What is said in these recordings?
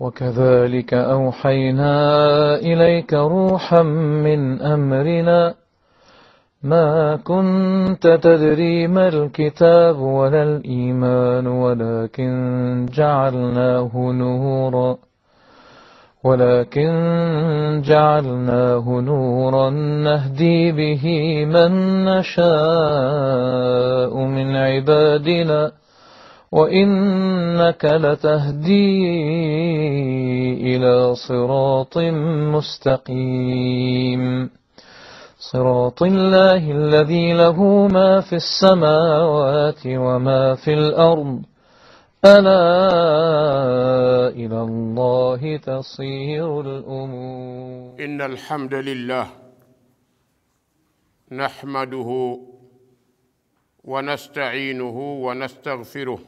وكذلك أوحينا إليك روحا من أمرنا ما كنت تدري ما الكتاب ولا الإيمان ولكن جعلناه نورا ولكن جعلناه نورا نهدي به من نشاء من عبادنا وإنك لتهدي إلى صراط مستقيم صراط الله الذي له ما في السماوات وما في الأرض ألا إلى الله تصير الأمور إن الحمد لله نحمده ونستعينه ونستغفره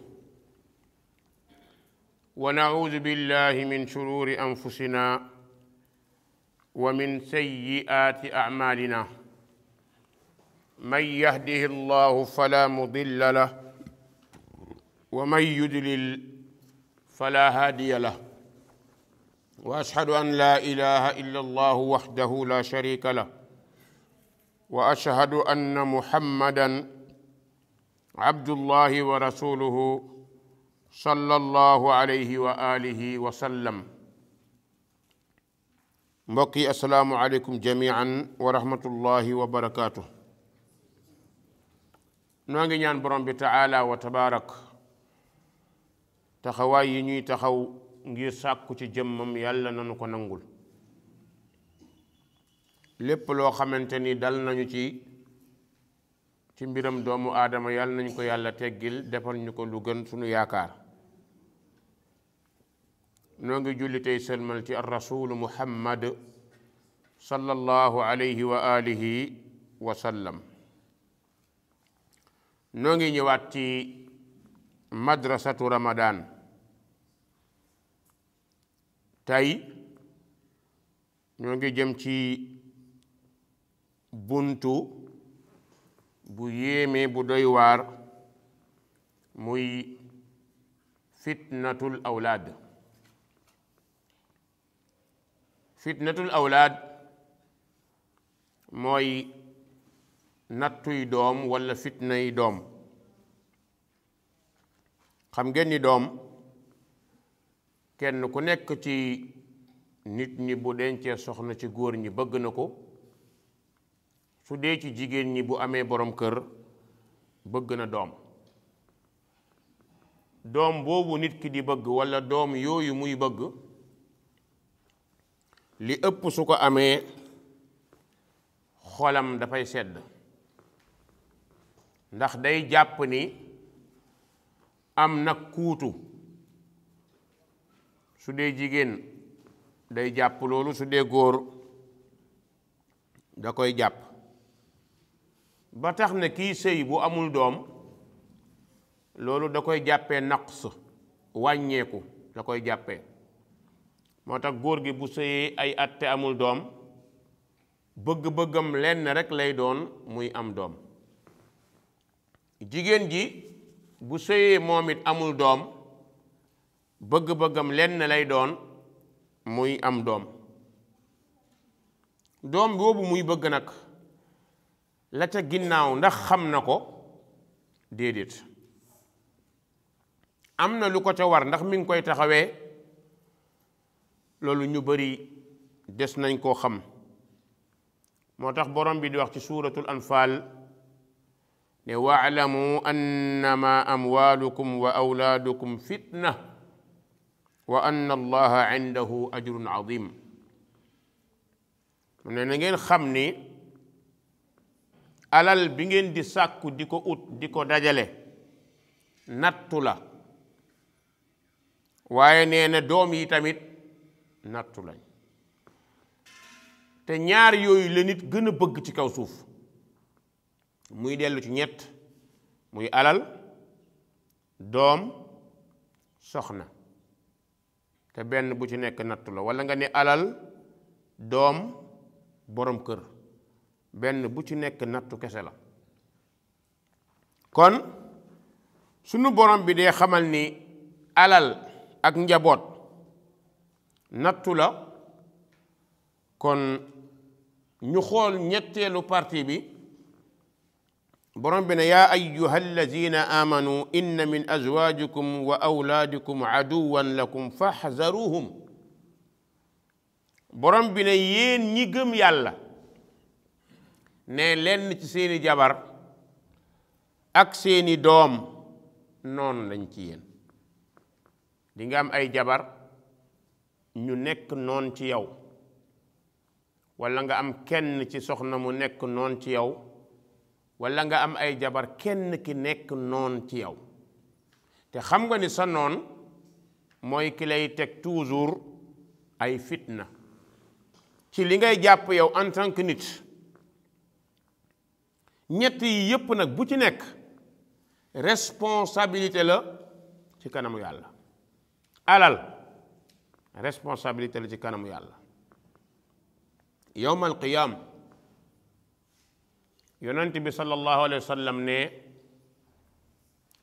ونعوذ بالله من شرور أنفسنا ومن سيئات أعمالنا من يهده الله فلا مضل له ومن يدلل فلا هادي له واشهد ان لا اله الا الله وحده لا شريك له واشهد ان محمدا عبد الله ورسوله sallallahu alayhi wa alihi wa sallam mbokk yi asalaamu aleykum jamian wa rahmatullahi wa barakaatu noo ngi ñaan borom bi taala wa tabaarak taxawaay yi ñuy taxaw ngir sàkku ci jëmmam yàlla nanu ko nangul lépp loo xamante ni dal nañu ci ci mbiram doomu aadama yàlla nañu ko yàlla teggil defal ñu ko lu gën sunu yaakaar noo ngi julli tey sëlmal ci ar rasulu muhammad sallallahu alayhi wa alihi wa sallam noo ngi ñëwaat ci madrasatu ramadan tey ñoo ngi jëm ci buntu bu yéeme bu doy waar muy fitnatul awlaad fitnatul awlaad mooy nattuy doom walla fitnay doom xam ngeen ni doom kenn ku nekk ci nit ñi bu dencee soxna ci góor ñi bëgg na ko su dee ci jigéen ñi bu amee borom kër bëgg na doom doom boobu nit ki di bëgg walla doom yooyu muy bëgg li ëpp su ko amee xolam dafay sedd ndax day jàpp ni am nag kuutu su dee jigéen day jàpp loolu su dee góor da koy jàpp ba tax na kii sëy bu amul doom loolu da koy jàppe naqs wàññeeku da koy jàppe moo tax góor gi bu sëyee ay at te amul doom bëgg-bëggam lenn rek lay doon muy am doom jigéen ji bu séyee moom it amul doom bëgg-bëggam lenn lay doon muy am doom doom boobu muy bëgg nag la ca ginnaaw ndax xam na ko déedéet am na lu ko ca war ndax mi ngi koy taxawee loolu ñu bari des nañ koo xam moo tax borom bi di wax ci suuratul anfaal ne waalamu annama amwaalukum wa awlaadukum fitna wa anna allaha indahu ajrun ne na ngeen xam ni alal bi ngeen di sàkku di ko ut di ko dajale nattu la waaye nee doom yi tamit nattu lañ te ñaar yooyu la nit gën a bëgg ci kaw suuf muy dellu ci ñett muy alal doom soxna te benn bu ci nekk nattu la walla nga ne alal doom boroom kër benn bu ci nekk nattu kese la kon sunu borom bi dee xamal ni alal ak njaboot nattu la kon ñu xool ñetteelu parti bi borom bi ne yaa ayuha allazina amanu inna min azwajikum wa awlaadikum aduwan lakum faxzaruhum borom bi na yéen ñi gëm yàlla ne lenn ci seeni jabar ak seeni doom noonu lañ ci yéen dinga am ay jabar ñu nekk noon ci yow walla nga am kenn ci soxna mu nekk noon ci yow walla nga am ay jabar kenn ki nekk noon ci yow te xam nga ni sa noon mooy ki teg teg jours ay fitna ci li ngay jàpp yow en tant que nit ñett yi yépp nag bu ci nekk responsabilité la ci kanamu yàlla alal responsabilité la ci kanamu yàlla yowmal qiyaam yonent bi sallallahu alayhi wa sallam ne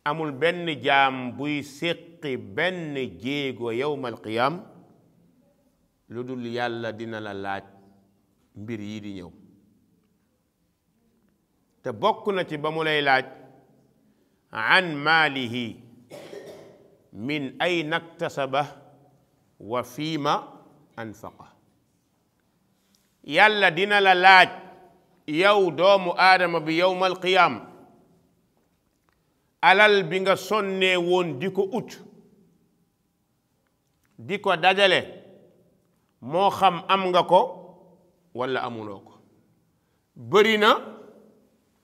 amul benn jaam buy séqi benn jéego yowmal qiyaam lu dul yàlla dina la laaj mbir yi di ñëw te bokk na ci ba mu lay laaj an maalihi min ay naktasaba wa fiima anfaqa yàlla dina la laaj yow doomu aadama bi yowmal qiyaam alal bi nga sonnee woon di ko ut di ko dajale moo xam am nga ko wala amuloo ko bëri na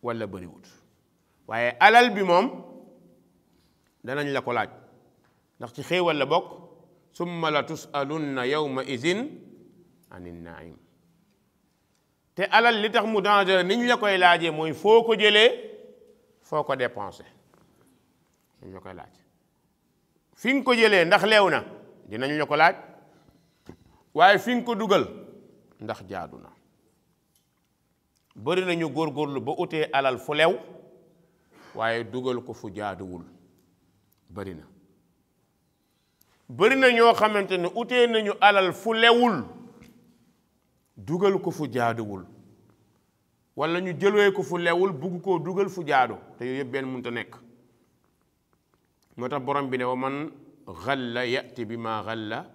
wala bëriwut waaye alal bi moom danañ la ko laaj ndax ci xéewal la bokk summa la tusalunna yawma idin anin naim te alal li tax mu danger niñ la koy laajee mooy foo ko jëlee foo ko dépensé niñ koy laaj fi nga ko jëlee ndax leew na dinañ la ko laaj waaye fi nga ko dugal ndax jaadu na bëri nañu góorgóorlu ba utee alal fu lew waaye dugal ko fu jaaduwul bari na bëri na ñoo xamante ne utee nañu alal fu lewul dugal ko fu jaaduwul wala ñu jëlwee ko fu lewul bugg koo dugal fu jaadu te yooyu yëpp benn munta nekk moo tax borom bi ne wa man xalla yati bi maa xalla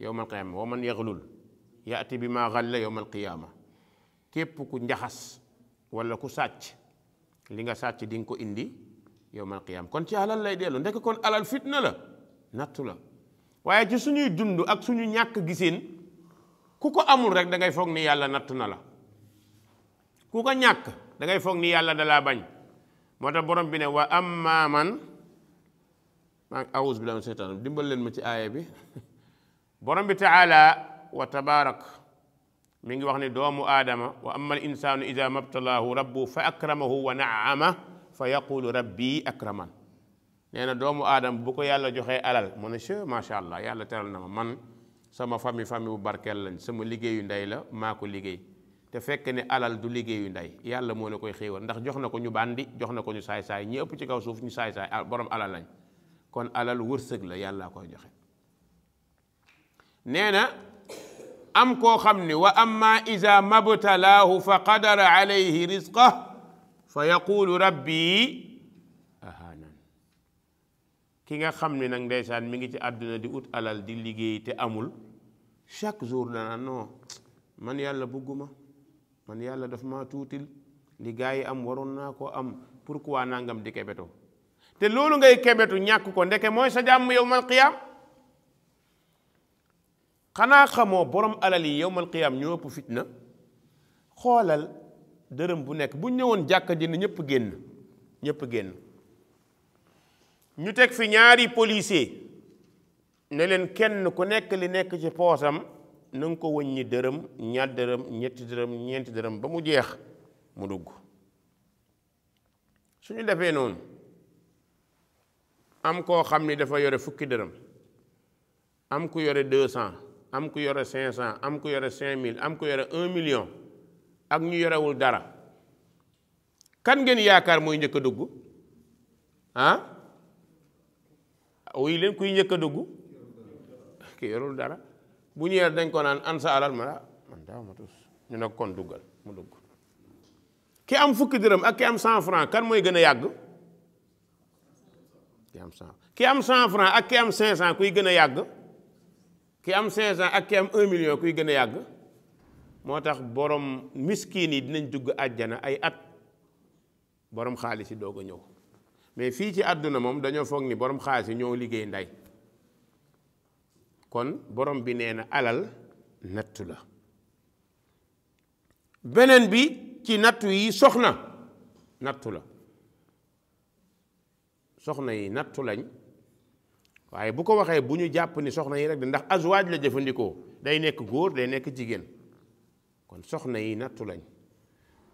yowmal qiyaama wa man yaxlul yati bi maa xalla képp ku njaxas walla ku sàcc li nga sàcc di nga ko indi yowmal qiyaama kon ci alal lay dellu ndekk kon alal fitna la nattu la waaye ci suñuy dund ak suñu ñàkk giseen ku ko amul rek dangay foog ni yàlla natt na la ku ko ñàkk dangay foog ni yàlla dalaa bañ moo tax borom bi ne wa amma man maa awus bi dimbal leen ma ci aaya bi borom bi taala wa tabaarak mi ngi wax ne doomu aadama wa amma al insaanu ida mabtalaahu rabbu fa akramahu wa naama fa yaqulu rabbi akraman nee na doomu aadama bu ko yàlla joxee alal mu ne che macha allah yàlla teral na ma man sama famille famille bu barkeel lañ sama liggéeyu ndey la maa ko liggéey te fekk ne alal du liggéeyu ndey yàlla moo ne koy xéewal ndax jox na ko ñu bandi jox na ko ñu saay-saay ñi ëpp ci kaw suuf ñu saay-saay ah, borom alal lañ kon alal wërsëg la yàlla koy joxe nee am koo xam ne wa amma iza mabtalaahu fa qadara alayhi rizqah fa yaqulu rabbi ki nga xam ne nag ndeysaan mi ngi ci àdduna di ut alal di liggéey te amul chaque jour dana noo man yàlla bugguma man yàlla daf ma tuutil li yi am waroon naa ko am pour pourquoi nangam di kebeto te loolu ngay kebetu ñàkk ko ndeke mooy sa jàmm yowmal qiyaam xanaa xamoo borom alal yi yowmal qiyaam ñoo ëpp fitna xoolal dërëm bu nekk bu ñëwoon jàkka ji ne ñëpp génn ñëpp génn ñu teg fi ñaari policier ne leen kenn ku nekk li nekk ci poosam na nga ko wëññi dërëm ñaar dërëm ñetti dërëm ñeenti dërëm ba mu jeex mu dugg suñu defee noonu am koo xam ni dafa yore fukki dërëm am ku yore deux cent am ku yore cinq cent am ku yore cinq mille am ku yore un million ak ñu yorewul dara kan ngeen yaakaar mooy njëkk a dugg ah wuy leen kuy njëkk a dugg ki yorul dara bu ñëwee dañ ko naan an sa alal ma man daaw ma tus ñu ne kon duggal mu dugg ki am fukki dërëm ak ki am cent franc kan mooy gën a yàgg ki am cent ki am cent franc ak ki am cinq cent kuy gën a yàgg ki am cinq cent ak ki am million kuy gën a yàgg moo tax borom miskin yi dinañ dugg àjjana ay at borom xaalis yi doog a ñëw mais fii ci àdduna moom dañoo foog ni borom xaalis yi ñoo liggéey nday kon boroom bi nee na alal nattu la beneen bi ci nattu yi soxna nattu la soxna yi nattu lañ waaye bu ko waxee bu ñu jàpp ni soxna yi rek ndax azwaaj la jëfandikoo day nekk góor day nekk jigéen kon soxna yi nattu lañ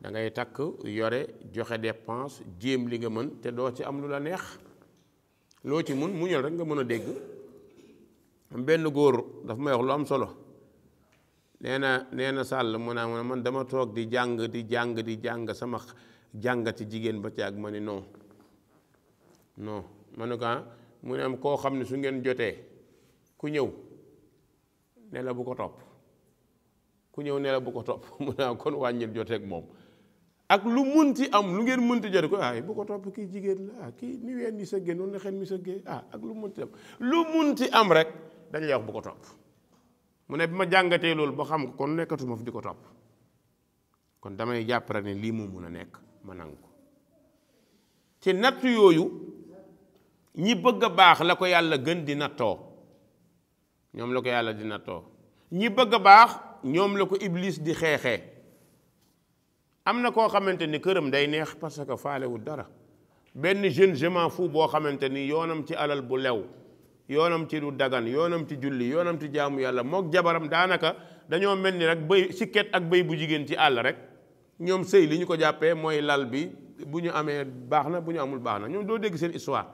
da ngay takk yore joxe dépense jéem li nga mën te doo ci am lu la neex loo ci mun muñal rek nga mën a dégg benn góor dafa may wax lu am solo nee na nee na sàll mu naa man dama toog di jàng di jàng di jàng sama jàngati jigéen ba caag ma ni non no ma ne ah, mu ne am koo xam ne su ngeen jotee ku ñëw ne la bu ko topp ku ñëw ne la bu ko topp mu naa ah, kon wàññil joteeg moom ak lu mun munti am lu ngeen munti jëri ko aay bu ko topp kii jigéen la ah kii ni ween ni sëggee noonu la xel mi sëggee ah ak lu munti am lu munti am rek dañ lay wax bu ko topp mu ne bi ma jàngatee loolu ba xam ko kon nekkatuma fi di ko topp kon damay jàpp rek lii moo mun a nekk ma nangu ko ci natt yooyu ñi bëgg a baax la ko yàlla gën di nattoo ñoom la ko yàlla di nattoo ñi bëgg a baax ñoom la ko iblis di xeexee am na koo xamante ni këram day neex parce que faalewul dara benn jeune gement m'en boo xamante ni yoonam ci alal bu lew yoonam ci du dagan yoonam ci julli yoonam ci jaamu yàlla mook jabaram daanaka dañoo mel ni rek bëy sikket ak bëy bu jigéen ci àll rek ñoom sëy li ñu ko jàppee mooy lal bi bu ñu amee baax na bu ñu amul baax na ñoom doo dégg seen histoire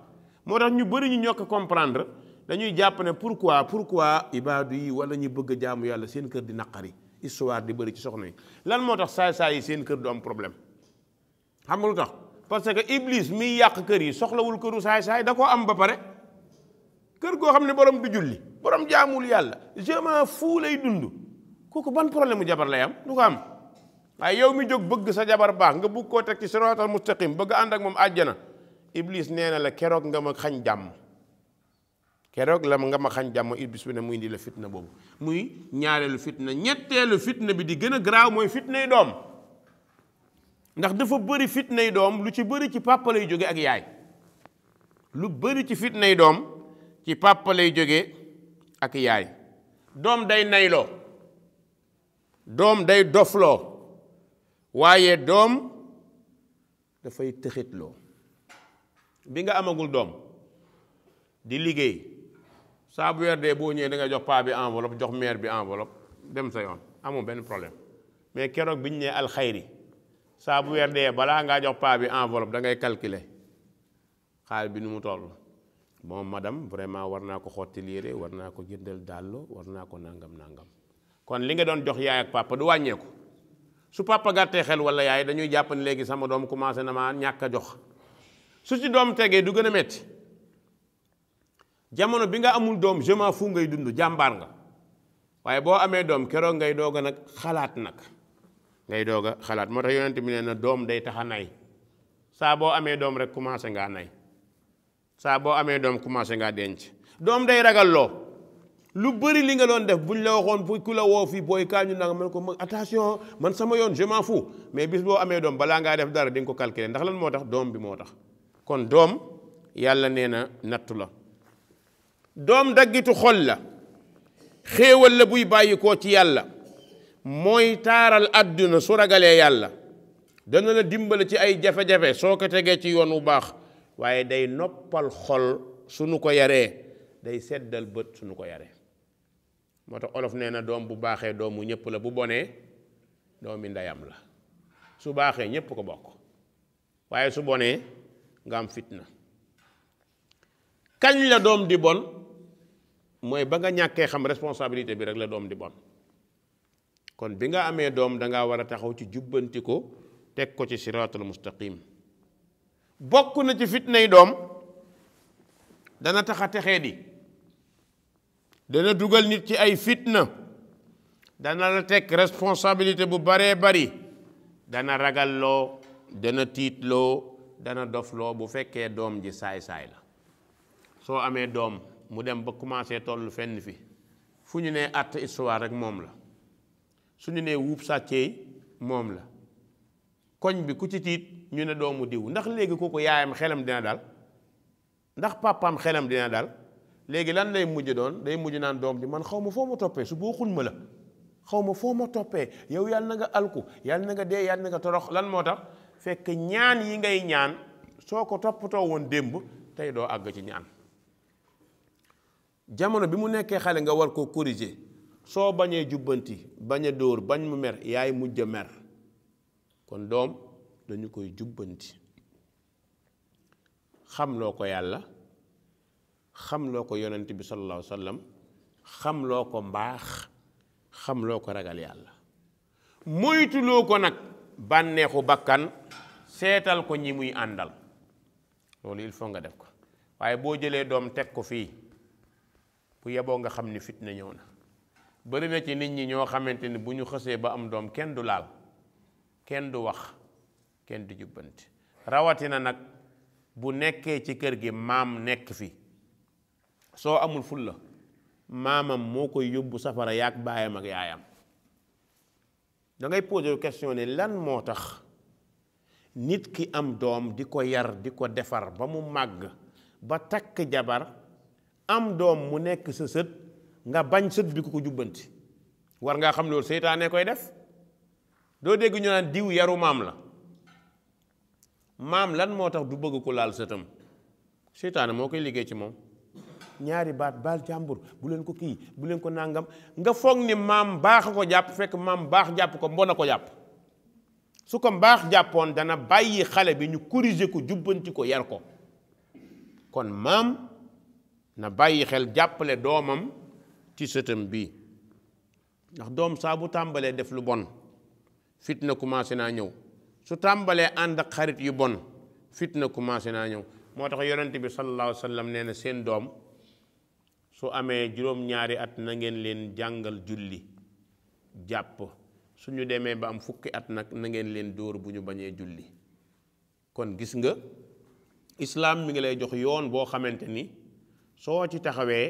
moo tax ñu bëri ñu ñokk comprendre dañuy jàpp ne pourquoi pourquoi ibaadu yi wala ñu bëgg a jaamu yàlla seen kër di naqari histoire di bëri ci soxna yi lan moo tax saay-saay yi seen kër du am problème xam nga lu tax parce que iblis miy yàq kër yi soxlawul këru saay-saay da koo am ba pare kër goo xam ne borom du julli borom jaamul yàlla je m'en lay dund kooku ban problème mu jabar lay am du ko am waaye yow mi jóg bëgg sa jabar baax nga bëgg koo teg ci siraatal mustaqim bëgg ànd ak moom àjjana iblis nee na la keroog nga ma xañ jàmm keroog la mu nga ma xañ jàmm it bis bi ne muy indi fitna boobu muy ñaareelu fitna ñetteelu fitna bi di gën a garaaw mooy fitnay doom ndax dafa bëri fitnay doom lu ci bëri ci papa lay jóge ak yaay lu bëri ci fitnay doom ci papa lay jóge ak yaay doom day nayloo doom day dofloo waaye doom dafay tëxitloo bi nga amagul doom di liggéey saa bu weer dee boo ñëwee da nga jox paa bi enveloppe jox maire bi enveloppe dem sa yoon amul benn problème mais keroog bi ñu nee alxayri saa bu weer dee balaa ngaa jox paa bi enveloppe da ngay calculer xaalis bi nu mu toll. bon madame vraiment war naa ko xotti yére war naa ko jëndal dàllo war naa ko nangam nangam kon li nga doon jox yaay ak papa du wàññeeku su papa gàttee xel wala yaay dañuy jàpp léegi sama doom commencé na maa ñàkk a jox su si doom tegee du gën a métti. jamono bi nga amul doom je foo ngay dund jàmbaar nga waaye boo amee doom keroog ngay dooga nag xalaat nag ngay doog xalaat moo tax yonent bi nee na doom day taxa nay saa boo amee doom rek commencé ngaa saa boo amee doom commencé ngaa denc doom day ragal loo lu bëri li nga doon def buñ la waxoon bu ku la woo fii booy kaa ñu nag man ko ma attention man sama yoon je m'en mais bis boo amee doom balaa ngaa def dara di ko calculer ndax lan moo tax doom bi moo tax kon doom yàlla nee na nattu la doom daggitu xol la xéewal la buy bàyyi koo ci yàlla mooy taaral àdduna su ragalee yàlla dana la dimbali ci ay jafe-jafe soo ko tegee ci yoon wu baax waaye day noppal xol suñu ko yaree day seddal bët sunu ko yaree moo tax olof nee na doom bu baaxee doomu ñëpp la bu bonee doomi ndeyam la su baaxee ñëpp ko bokk waaye su bonee nga am fitna kañ la doom di bon mooy ba nga ñàkkee xam responsabilité bi rek la doom di bon kon bi nga amee doom da ngaa war a taxaw ci jubbanti ko teg ko ci siraatul mustaqim bokk na ci fitnay doom dana tax a texee di dana dugal nit ci ay fitna dana la teg responsabilité bu baree bari dana ragalloo dana tiitloo dana dofloo bu fekkee doom ji saay-saay la soo amee doom mu dem ba commencé toll fenn fi fu ñu nee àtt histoire rek moom la su ñu nee wuub sàccee moom la koñ bi ku ci tiit ñu ne doomu diw ndax léegi ko yaayam xelam dina dal ndax papaam xelam dina dal léegi lan lay mujje doon day mujj naan doom ji man xaw ma foo ma toppee su boo xun ma la xaw ma foo ma toppee yow yàlla na nga alku yàlla na nga dee yàlla na nga torox lan moo tax fekk ñaan yi ngay ñaan soo ko toppatoo woon démb tey doo àgg ci ñaan jamono bi mu nekkee xale nga war koo corriger soo bañee jubbanti bañ a dóor bañ mu mer yaay mujj a mer kon doom dañu koy jubbanti xam loo ko yàlla xam loo ko yonent bi sallallahu alayhi wa xam loo ko mbaax xam loo ko ragal yàlla moytuloo ko nag bànneexu bakkan seetal ko ñi muy àndal loolu il faut nga def ko waaye boo jëlee doom teg ko fii bu yeboo nga xam ni fitna ñëw na bëri na ci nit ñi ñoo xamante ni bu ñu xësee ba am doom kenn du laal kenn du wax kenn du jubbanti rawatina nag bu nekkee ci kër gi maam nekk fi soo amul fulla maamam moo koy yóbbu safara yaag baayam ak yaayam dangay ngay question ne lan moo tax nit ki am doom di ko yar di ko defar ba mu màgg ba takk jabar am doom mu nekk sa sët nga bañ sët bi ku ko jubbanti war ngaa xam loolu seytaane koy def doo dégg ñu naan diw yaru maam la maam lan moo tax du bëgg ko laal sëtam seytaane moo koy liggéey ci moom ñaari baat baal jàmbur bu leen ko kii bu leen ko nàngam nga foog ni maam baax ko jàpp fekk maam baax jàpp ko mbon a ko jàpp su ko baax jàppoon dana bàyyi xale bi ñu corriger ko jubbanti ko yar ko kon maam na bàyyi xel jàppale doomam ci sëtam bi ndax doom saa bu tàmbalee def lu bon fitna commencé naa ñëw su tàmbalee ànd ak xarit yu bon fitna commencé naa ñëw moo tax yonent bi sallallahu alayhi wa sallam nee na seen doom su amee juróom-ñaari at na ngeen leen jàngal julli jàpp suñu demee ba am fukki at nag na ngeen leen dóor bu ñu bañee julli kon gis nga islaam mi ngi lay jox yoon boo xamante ni soo ci taxawee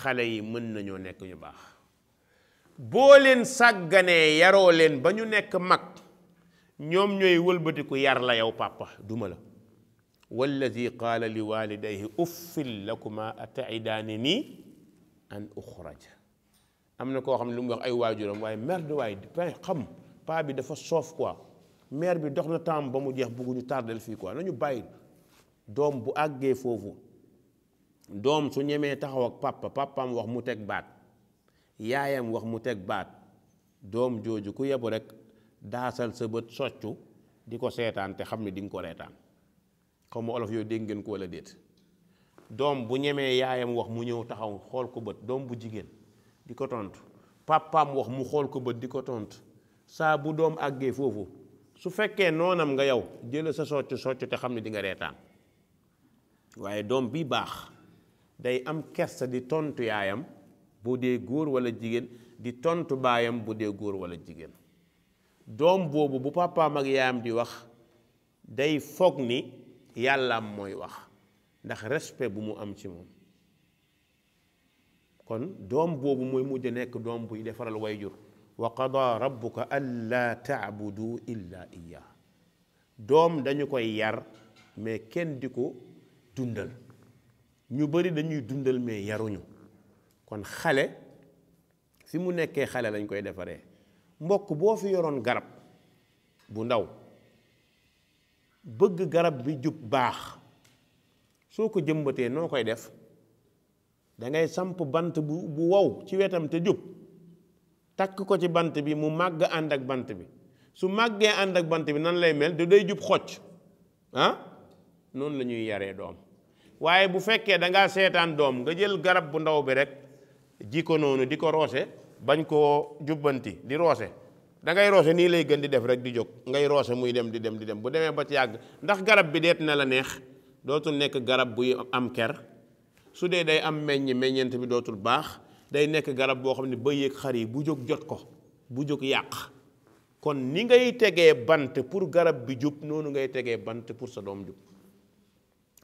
xale yi mën nañoo nekk ñu baax boo leen sàgganee yaroo leen ba ñu nekk mag ñoom ñooy wëlbatiku yar la yow pàppa duma la walladi qaala li walidayhi uffil lakuma ataidaani nii an uxraja am na koo xam ne wax ay waajuram waaye mer di waay xam paa bi dafa soof quoi mère bi dox na temps ba mu jeex bëgguñu tardel fii quoi nañu bàyyi doom bu àggee foofu doom su ñemee taxaw ak papa papam wax mu teg baat yaayam wax mu teg baat doom jooju ku yebu rekk daasal sa bët soccu di ko seetaan te xam ne dinga ko reetaan xaw ma olof dégg ngeen ko wala déet doom bu ñemee yaayam wax mu ñëw taxaw xool ko bët doom bu jigéen di ko tontu papam wax mu xool ko bët di ko tontu saa bu doom àggee foofu su fekkee noonam nga yow jël sa soccu soccu te xam ne dinga nga reetaan waaye doom bi baax day am kersa di tontu yaayam bu dee góor walla jigéen di tontu baayam bu dee góor walla jigéen doom boobu bu papaam ak yaayam di wax day foog ni yàllaam mooy wax ndax respect bu mu am ci moom kon doom boobu mooy mujj nekk doom buy defaral wayjur wa qada rabbuka allaa taabudu illa iyaa doom dañu koy yar mais kenn di ko dundal ñu bari dañuy dundal mais yaruñu kon xale fi mu nekkee xale lañ koy defaree mbokk boo fi yoroon garab bu ndaw bëgg garab bi jub baax soo ko jëmbatee noo koy def dangay samp bant bu bu wow ci wetam te jub takk ko ci bant bi mu màgg ànd ak bant bi su màggee ànd ak bant bi nan lay mel du day jub xocc ah noonu la ñuy yaree doom waaye bu fekkee da ngaa seetaan doom nga jël garab bu ndaw bi rek ji ko noonu di ko roose bañ koo jubbanti di roose da ngay roose nii lay gën di def rek di jóg ngay roose muy dem di dem di dem bu demee ba ci yàgg ndax garab bi deet na la neex dootul nekk garab buy am ker su dee day am meññ meññeent bi dootul baax day nekk garab boo xam ne bëy ak xar yi bu jóg jot ko bu jóg yàq kon ni ngay tegee bant pour garab bi jub noonu ngay tegee bant pour sa doom jub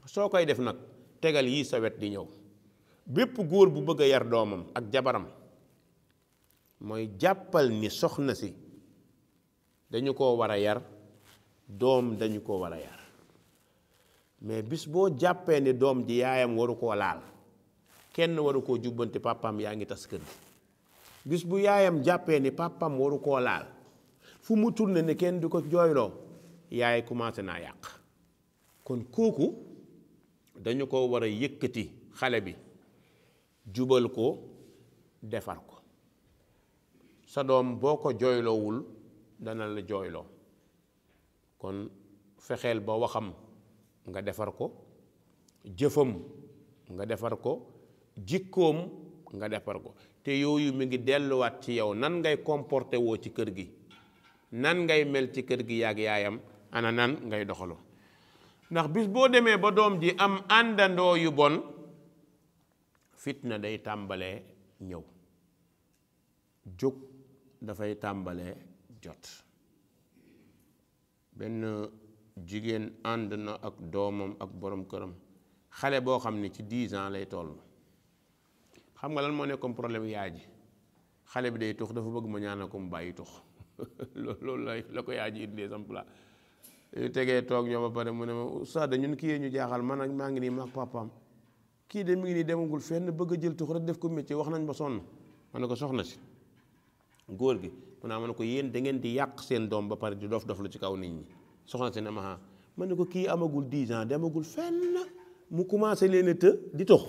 soo koy def nag tegal yii sa wet di ñëw bépp góor bu bëgg a yar doomam ak jabaram mooy jàppal ni soxna si dañu ko war a yar doom dañu ko war a yar mais bis boo jàppee ni doom ji yaayam waru koo laal kenn waru koo jubbanti pàppam yaa ngi tas kër gi bis bu yaayam jàppee ni pàppam waru koo laal fu mu turne ni kenn di ko jooyloo yaay commencé naa yàq kon kooku dañu ko war a yëkkati xale bi jubal ko defar ko sa doom boo ko jooyloowul dana la jooyloo kon fexeel ba waxam nga defar ko jëfam nga defar ko jikkoom nga defar ko te yooyu mu ngi delluwaat ci yow nan ngay comporté woo ci kër gi nan ngay mel ci kër gi yaag yaayam ana nan ngay doxaloo ndax bis boo demee ba doom ji am àndandoo yu bon fit na day tàmbalee ñëw jóg dafay tàmbalee jot benn jigéen ànd na ak doomam ak boroom këram xale boo xam ne ci dix ans lay toll xam nga lan moo nekkoon problème yaay ji xale bi day tux dafa bëgg ma ñaan ko mu bàyyi tux loolu la ko yaay ji indee sam plat lu tegee toog ñoo ba pare mu ne ma oustaz ñun kii yee ñu jaaxal man ak maa ngi nii maak papaam kii de mi ngi nii demagul fenn bëgg a jël tux rek def ko métier wax nañ ba sonn man ne ko soxna si góor gi mu naa ma ne ko yéen da ngeen di yàq seen doom ba pare di dof dof lu ci kaw nit ñi soxna si ne ma ah ne ko kii amagul 10 ans demagul fenn mu commencé leen a të di tux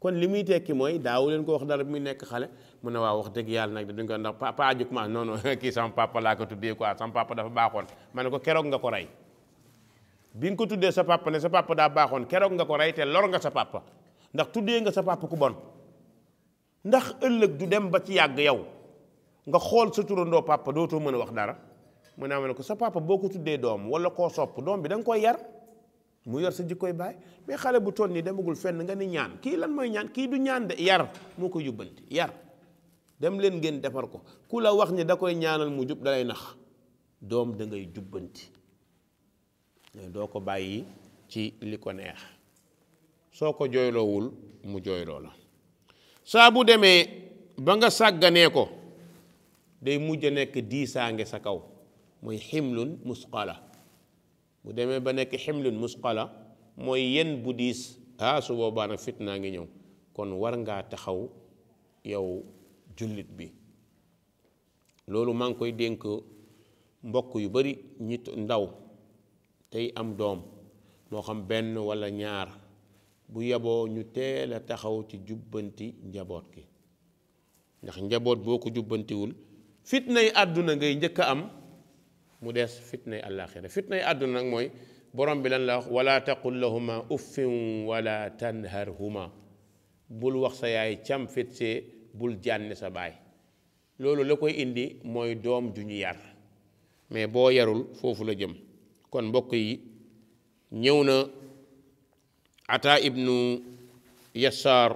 kon li muy tekki mooy daawu leen ko wax dara bi muy nekk xale mu ne waaw wax dëgg yàlla nag duñ ko ndax papa aju commencé non non kii sama papa laa ko tuddee quoi sama papa dafa baaxoon ma ne ko keroog nga ko rey bi nga ko tuddee sa papa ne sa papa daa baaxoon keroog nga ko rey te lor nga sa papa ndax tuddee nga sa papa ku bon ndax ëllëg du dem ba ci yàgg yow nga xool sa turandoo papa dootoo mën a wax dara mun ne ma ne ko sa papa boo ko tuddee doom wala koo sopp doom bi da nga koy yar mu yor sa jikkoy baay mais xale bu toll nii demagul fenn nga ni ñaan kii lan mooy ñaan kii du ñaan de yar moo ko yóbbanti yar. dem leen ngeen defar ko ku la wax ni da koy ñaanal mu jub dalay nax doom dangay ngay jubbanti doo ko bàyyi ci li ko neex soo ko jooyloowul mu jooyloo la saa bu demee ba nga sàgganee ko day mujj nekk diisaange sa kaw muy ximlun musqala bu demee ba nekk ximlun musqala mooy yenn bu diis ah su boobaa fit naa ngi ñëw kon war ngaa taxaw yow jullit bi loolu maa ngi koy dénk mbokk yu bari ñi ndaw tey am doom moo xam benn walla ñaar bu yeboo ñu teel a taxaw ci jubbanti njaboot gi ndax njaboot boo ko jubbantiwul fitnay àdduna ngay njëkk a am mu des fitnay àllaaxira fitnay àdduna nag mooy borom bi lan la wax wala taqul lahuma uffin wala bul wax sa yaay cam fit see bul jànni sa baay loolu la koy indi mooy doom ju ñu yar mais boo yarul foofu la jëm kon mbokk yi ñëw na ata ibnu yasaar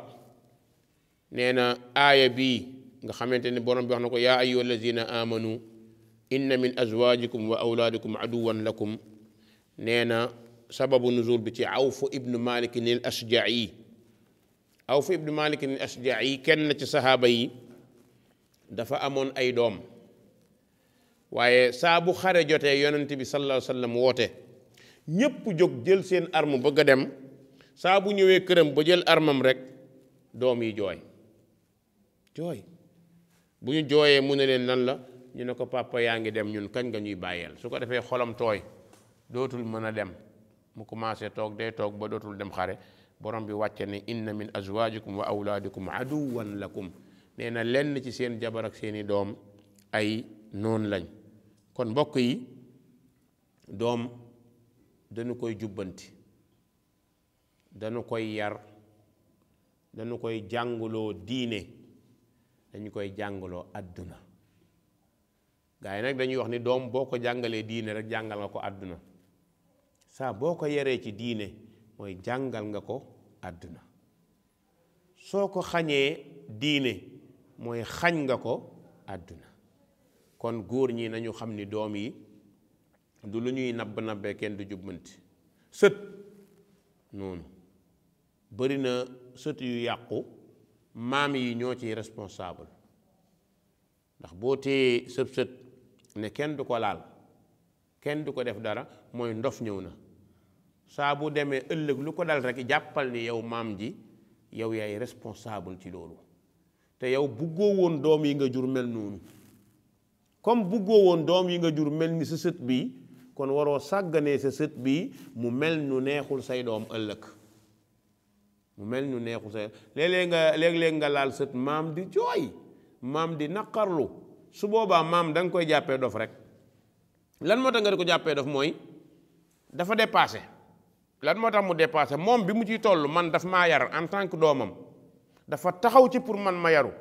nee na aaya bii nga xamante ni borom bi wax na ko yaa ayyuha allazina amanu inna min azwajikum wa awlaadikum aduwan lakum nee na sababu nuzul bi ci awfu ibnu malikin al asjai aw ibnu Malik al-Ashja'i yi kenn ci saxaaba yi dafa amoon ay doom waaye saa bu xare jotee yonent bi sallallahu alayhi wa sallam woote ñépp jóg jël seen arme bëgg a dem saa bu ñëwee këram ba jël armam rek doom yi jooy jooy bu ñu jooyee mu ne leen nan la ñu ne ko papa yaa ngi dem ñun kañ nga ñuy bàyyeel su ko defee xolam tooy dootul mën a dem mu commencé toog day toog ba dootul dem xare borom bi wàcce ne inna min azwajikum wa awlaadikum aduwan lakum nee na lenn ci seen jabar ak seeni doom ay noon lañ kon mbokk yi doom dañu koy jubbanti danu koy yar danu koy jàngaloo diine dañu koy jàngaloo àdduna gaa yi nag dañuy wax ni doom boo ko jàngalee diine rek jàngal nga ko àdduna saa boo ko yaree ci diine mooy jàngal nga ko àdduna soo ko xañee diine mooy xañ nga ko àdduna kon góor ñi nañu xam ni doom yi du lu ñuy nabb nabbee kenn du jubbanti sët noonu bari na sët yu yàqu maam yi ñoo ciy responsable ndax boo téyee sëb sët ne kenn du ko laal kenn du ko def dara mooy ndof ñëw na saa bu demee ëllëg lu ko dal rek jàppal ni yow maam ji yow yaay responsable ci loolu te yow buggoo woon doom yi nga jur mel noonu comme buggoo woon doom yi nga jur mel ni sa sët bii kon waroo sàgganee sa sët bii mu mel nu neexul say doom ëllëg mu mel nu neexul say léeg-léeg nga léeg nga laal sët maam di jooy maam di naqarlu su boobaa maam danga koy jàppee dof rek lan moo tax nga di ko jàppee dof mooy dafa dépassé lan moo tax mu dépassé moom bi mu ciy toll man daf maa yar en tant que doomam dafa taxaw ci pour man ma yaru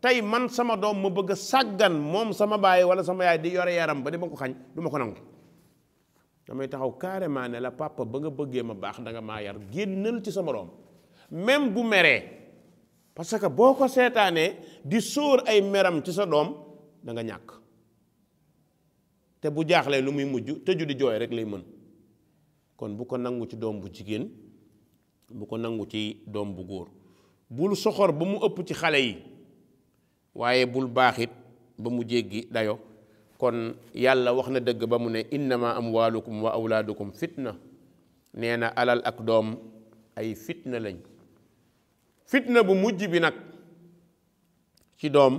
tey man sama doom ma bëgg a sàggan moom sama baay wala sama yaay di yore yaram ba di ma ko xañ du ma ko nangu damay taxaw carrément ne la papa ba nga bëggee ma baax da nga maa yar génnal ci sama doom même bu meree parce que boo ko seetaanee di sóor ay meram ci sa doom da nga ñàkk te bu jaaxlee lu muy mujj tëju di jooy rek lay mën kon bu ko nangu ci doom bu jigéen bu ko nangu ci doom bu góor bul soxor ba mu ëpp ci xale yi waaye bul baaxit ba mu jéggi dayo kon yàlla wax na dëgg ba mu ne innama amwaalukum wa awlaadukum fitna nee na alal ak doom ay fitna lañ fitna bu mujj bi nag ci doom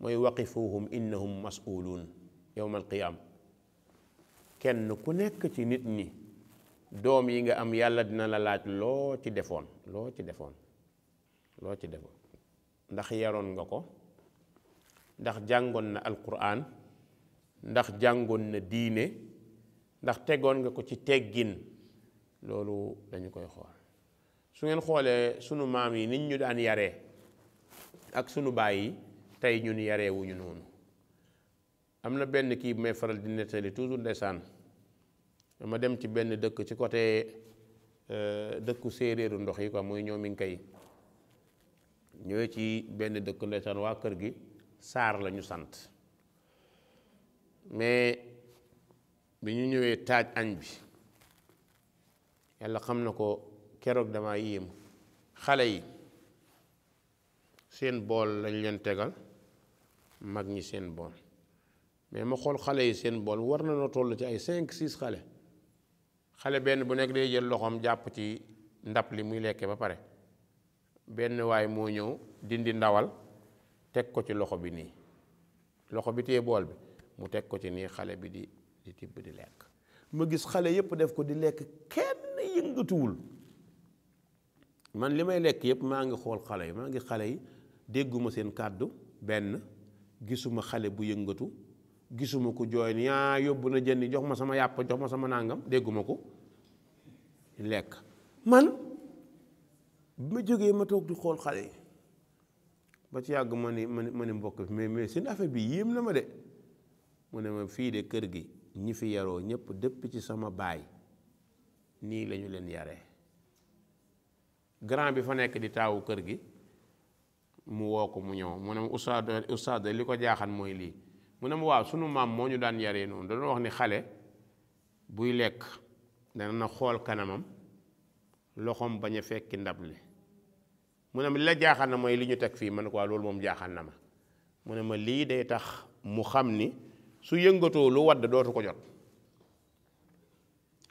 mooy waqifuhum innahum mas'uluun yowmal qiyaam kenn ku nekk ci nit ñi doom yi nga am yàlla dina la laaj loo ci defoon loo ci defoon loo ci defoon ndax yaroon nga ko ndax jàngoon na alquran ndax jàngoon na diine ndax tegoon nga ko ci teggin loolu dañu koy xool su ngeen xoolee sunu maam yi nit ñu daan yare ak sunu baay yi tey ñun yaree wuñu noonu am na benn kii bu may faral di nettali toujours ndeysaan dama dem ci benn dëkk ci côté euh, dëkku séeréeru ndox yi ko mooy ñoomi ngi kay ñëwee ci benn dëkk ndeysaan waa kër gi saar la ñu sant mais bi ñu ñëwee taaj añ bi yàlla xam na ko keroog dama yéem xale yi seen bool lañ leen tegal mag ñi seen bool mais ma xool xale yi seen bool war na noo toll ci ay cinq six xale xale benn bu nekk day jël loxoom jàpp ci ndab li muy lekkee ba pare benn waay moo ñëw dindi ndawal teg ko ci loxo bi nii loxo bi téye bool bi mu teg ko ci nii xale bi di di tibb di lekk ma gis xale yépp def ko di lekk kenn yëngatuwul man li may lekk yépp maa ngi xool xale yi maa ngi xale yi dégguma seen kàddu benn gisuma xale bu yëngatu gisuma ko jooy ni yaa ah, yóbbu na jënd jox ma sama yàpp jox ma sama nàngam dégguma ko lekk man bi ma jógee ma toog di xool xale yi ba ci yàgg ma ni ma ni mbokk bi mais mais seen affaire bi yéem na ma de mu ne ma fii de kër gi ñi fi yaroo ñëpp dëpp ci sama baay nii lañu leen yare grand bi fa nekk di taawu kër gi mu woo ko mu ñëw mu ne ma ustaad li ko jaaxan mooy lii mu ne ma waaw sunu maam moo ñu daan yaree noonu da doon wax ni xale buy lekk dana na xool kanamam loxoom bañ a fekki ndab li mu ne ma na mooy li ñu teg fii man ko loolu moom jaaxal na ma mu ne ma lii day tax mu xam ni su yëngatoo lu wadd dootu ko jot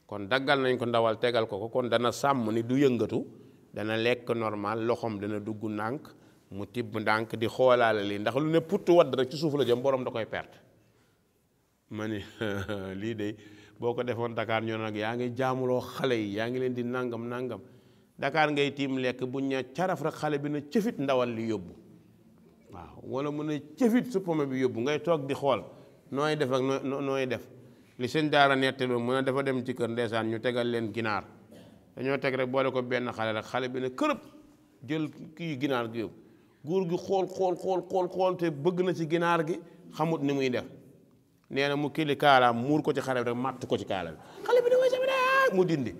kon daggal nañ ko ndawal tegal ko ko kon dana sàmm ni du yëngatu dana lekk normal loxoom dana dugg nànk mu tibb ndànk di xoolaale lii ndax lu ne putt wadd rek ci suuf la jëm borom da koy perte ma ni lii de boo ko defoon Dakar ñoo nag yaa ngi jaamuloo xale yi yaa ngi leen di nangam nangam Dakar ngay tiim lekk bu ña caraf rek xale bi ne cëfit ndawal li yóbbu waaw wala mu ne cëfit su pomme bi yóbbu ngay toog di xool nooy def ak nooy def li seen daara nettali mun a dafa dem ci kër ndeysaan ñu tegal leen ginaar dañoo teg rek boole ko benn xal xale bi ne kërëb jël kii góor gi xool xool xool xool xool te bëgg na ci ginaar gi xamut ni muy def nee na mu kili kaalaam muur ko ci xale bi rek màtt ko ci kaala bi xale bi ne way sama daa mu dindi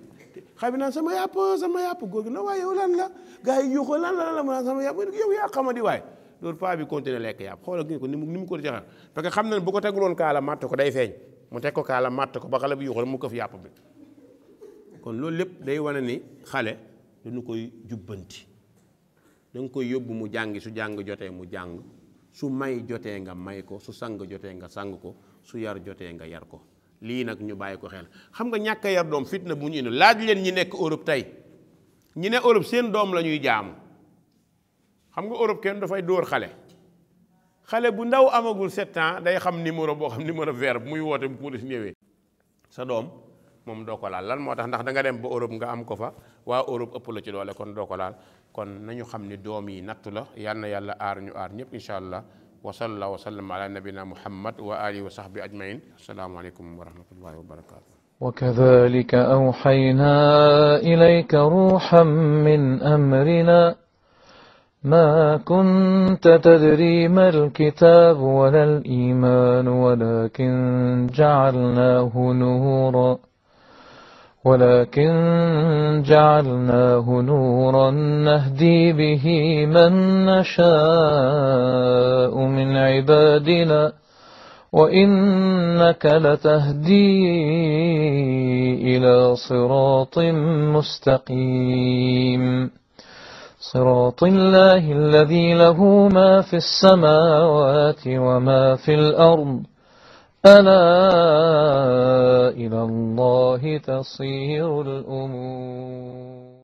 xale bi naan sama yàpp sama yàpp góor gi na waaye yow lan la gars yi yuuxoo lan la lan la mu naan sama yàpp yow yaa xamadi waay loolu paa bi continué lekk yàpp xoolal gis ko ni mu ni mu ko jaxal parce que xam na ne bu ko teguloon kaala màtt ko day feeñ mu teg ko kaala màtt ko ba xale bi yuuxoo mu këf yàpp bi kon loolu lépp day wane ni xale dañu koy jubbanti da nga koy yóbbu mu jàngi su jàng jotee mu jàng su may jotee nga may ko su sang jotee nga sang ko su yar jotee nga yar ko lii nag ñu bàyyi ko xel xam nga ñàkk yar doom fitna bu ñu indi laaj leen ñi nekk Europe tey ñi ne Europe seen doom lañuy ñuy jaamu xam nga Europe kenn dafay dóor xale xale bu ndaw amagul sept ans day xam numéro boo xam numéro vert bu muy woote bu police ñëwee sa doom moom doo ko laal moo tax ndax da nga dem ba Europe nga am ko fa waa Europe ëpp la ci doole kon doo ko laal kon nañu xam ni doom yi nattu la yal na yàlla aar ñu aar ñëpp incha allah wa sallallahu wa sallam ala nabina muhammad wa alihi wa sahbi ajmain asalaamaaleykum wa rahmatullahi wa barakatu وكذلك أوحينا إليك روحا ولكن جعلناه نورا نهدي به من نشاء من عبادنا وإنك لتهدي إلى صراط مستقيم صراط الله الذي له ما في السماوات وما في الأرض ألا إلى الله تصير الأمور